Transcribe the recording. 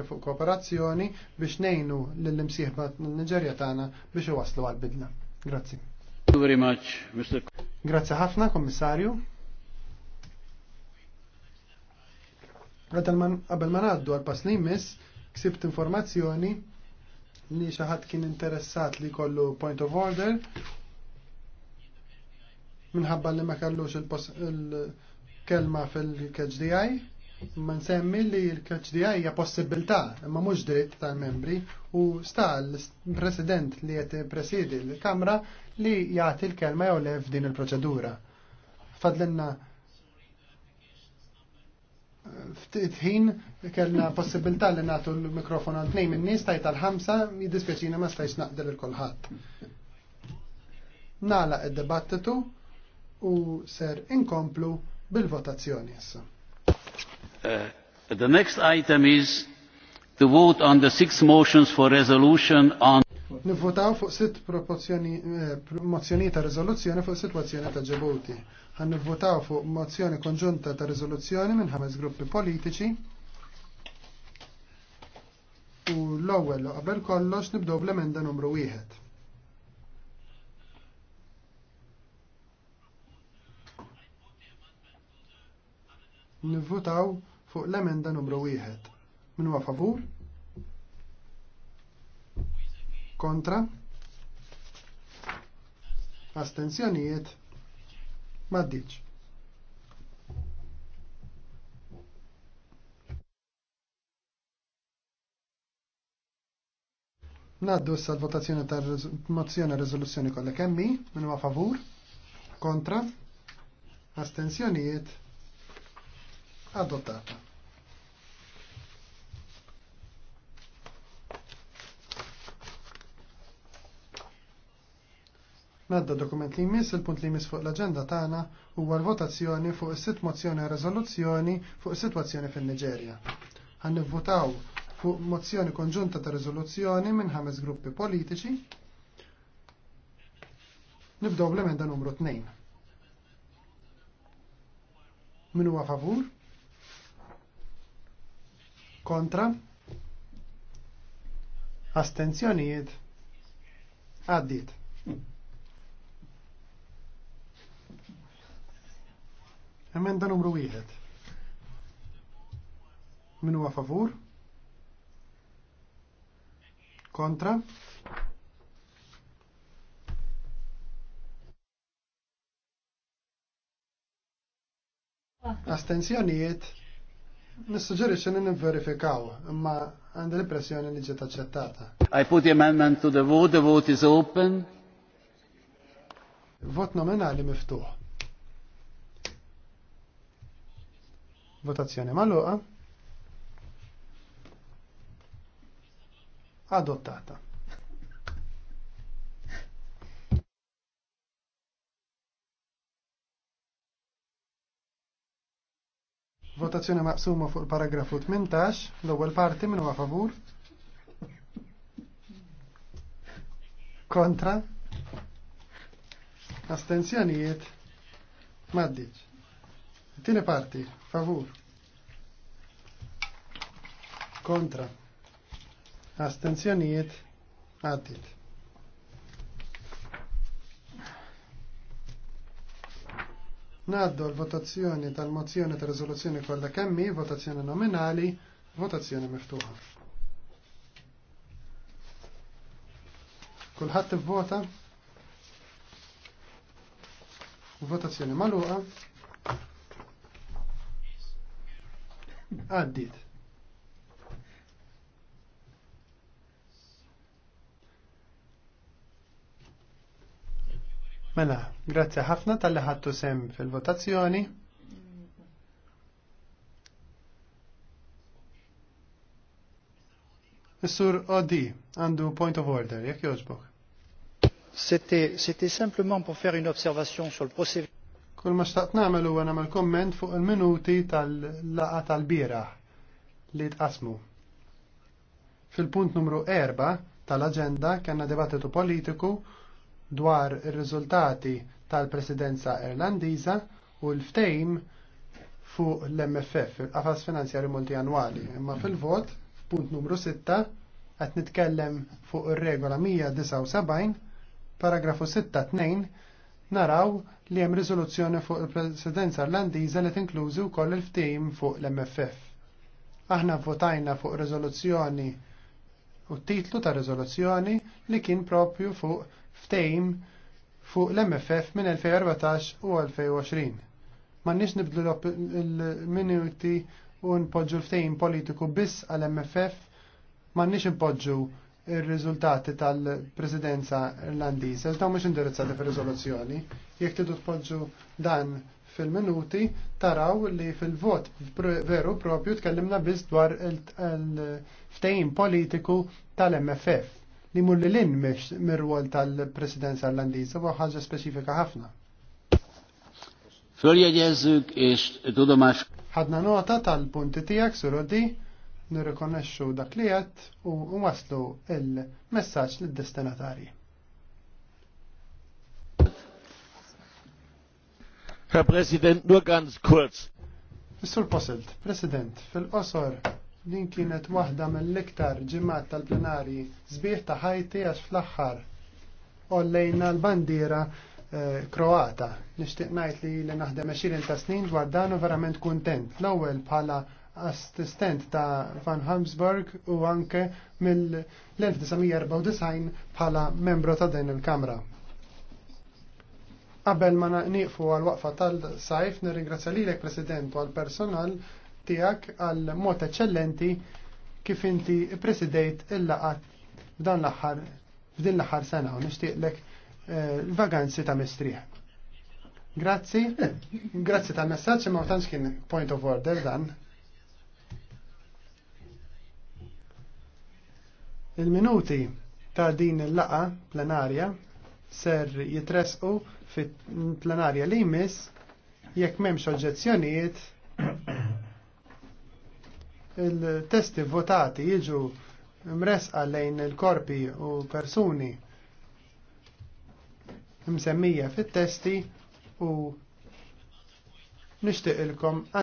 anke fuq kooperazzjoni biex nejnu lill-imsieħba Niġerja tagħna biex waslu għal-bidla. Grazzi. Very much, Mr. Grazzi ħafna, Kommissarju. Qabel ma ngħaddu għal pass li jmiss, ksibt informazzjoni li xi ħadd kien interessat li kollu point of order minħabba li ma kellux il-kelma fil-KHDI Ma nsemmi li l-KHDI hija possibilità, imma mhux dritt tal-membri u sta l-President li qed presidi l-Kamra li jagħti l-kelma jew le f'din il-proċedura. Fadlenna ftit ħin kellna possibilità li nagħtu l-mikrofon għal tnejn min-nies tajt tal ħamsa jiddispjaċina ma stajx naqdel il kulħadd. Nagħlaq id-dibattitu u ser inkomplu bil-votazzjoni issa. Uh, the next item is to vote on the six motions for resolution on Nivvotaw fuq sitt eh, mozzjoni ta' rezoluzzjoni fuq situazzjoni ta' Ġebuti. Għan nivvotaw fuq mozzjoni konġunta ta' rezoluzzjoni minn ħames gruppi politiċi. U l-ewwel qabel kollox nibdew bl-emenda numru wieħed. Nivvotaw fuq l-emenda numru 1. Min huwa favur? Kontra? Astenzjonijiet? Maddiċ. Naddu issa l-votazzjoni ta' mozzjoni rezoluzzjoni kollha kemmi, min huwa favur, kontra, Astenzjonijiet? adottata. Nadda dokument li jmiss il-punt li jmiss fuq l-agenda tagħna huwa l-votazzjoni fuq is-sitt mozzjoni riżoluzzjoni fuq is-sitwazzjoni fin-Niġerja. Għan nivvutaw fuq mozzjoni konġunta ta' riżoluzzjoni minn ħames gruppi politiċi. Nibdew bl-emenda numru 2. Min huwa favur? kontra, astenzjonijiet, għaddit. Emenda numru 1. Min huwa favur? Kontra? Astenzjonijiet nissuġġerixxi li nivverifikaw, imma għandi l-impressjoni li ġiet accettata. I put the amendment to the vote, the vote is open. Vot nominali miftuħ. Votazzjoni magħluqa. Adottata. votazzjoni maqsuma fuq paragrafu 18, l-ewwel parti minn huwa favur. Kontra. Astenzjonijiet. Maddiċ. Tieni parti, favur. Kontra. Astenzjonijiet. Għaddit. Naddu l-votazzjoni tal-mozzjoni ta' rezoluzzjoni kollha kemmi, votazzjoni nominali, votazzjoni miftuħa. Kulħadd vota Votazzjoni magħluqa. Għaddit. Mela, grazzi ħafna tal-li ħattu sem fil-votazzjoni. Mr. Odi għandu point of order, jekk joġbok. C'était simplement pour faire une observation sur le procès. Kull ma xtaqt namelu għan nagħmel komment fuq il-minuti tal-laqa tal-bieraħ li tqasmu. Fil-punt numru 4 tal-aġenda kellna dibattitu politiku dwar ir-riżultati tal-Presidenza Irlandiża u l-ftejm fuq l-MFF, il-qafas finanzjari multianwali. Imma fil-vot, punt numru 6, għat nitkellem fuq ir-regola 179, paragrafu 6-2, naraw li hemm riżoluzzjoni fuq il-Presidenza Irlandiża li tinklużi wkoll il-ftehim fuq l-MFF. Aħna votajna fuq riżoluzzjoni u titlu ta' riżoluzzjoni li kien propju fuq ftejm fuq l-MFF minn 2014 u 2020. Ma nix nibdlu l-minuti u npoġġu ftehim politiku biss għal-MFF ma nix npoġġu il-rizultati tal-presidenza irlandiza. Dawn mhux indirizzati fir-riżoluzzjoni. Jekk tidu tpoġġu dan fil-minuti taraw li fil-vot veru propju tkellimna biss dwar il-ftejn politiku tal-MFF li mulli l-in mir-rwol tal-presidenza irlandiża u ħaġa speċifika ħafna. ġezzuk ix tudomax. Ħadna nota tal-punti tiegħek surodi nirrikonnexxu dak li qed u waslu il-messaġġ lid-destinatarji. Herr Präsident, nur ganz kurz. Mr. Posselt, President, fil-qosor Din kienet waħda mill-iktar ġimgħat tal-plenari sbieħ ta' ħajti għax fl-aħħar ollejna l-bandiera eh, Kroata. Nixtieq ngħid li li naħdem 20 ta' snin dwar dan u verament kuntent. L-ewwel bħala assistent ta' Van Hamsburg u anke mill-1994 bħala membru ta' din il-Kamra. Qabel ma niqfu għal waqfa tal-sajf, nirringrazzja lilek President u għal personal tijak għal mod eċċellenti kif inti presidejt il-laqat f'dan l axar f'din l-aħħar sena u nixtieqlek l-vaganzi eh, ta' mistriħ. Grazzi, grazzi tal-messaġġ imma tantx kien point of order dan. Il-minuti ta' din il-laqa plenarja ser jitresqu fit-plenarja li jmiss jekk memx oġġezzjonijiet il-testi votati jiġu mresqa lejn il-korpi u persuni msemmija fit-testi u nixtieq ilkom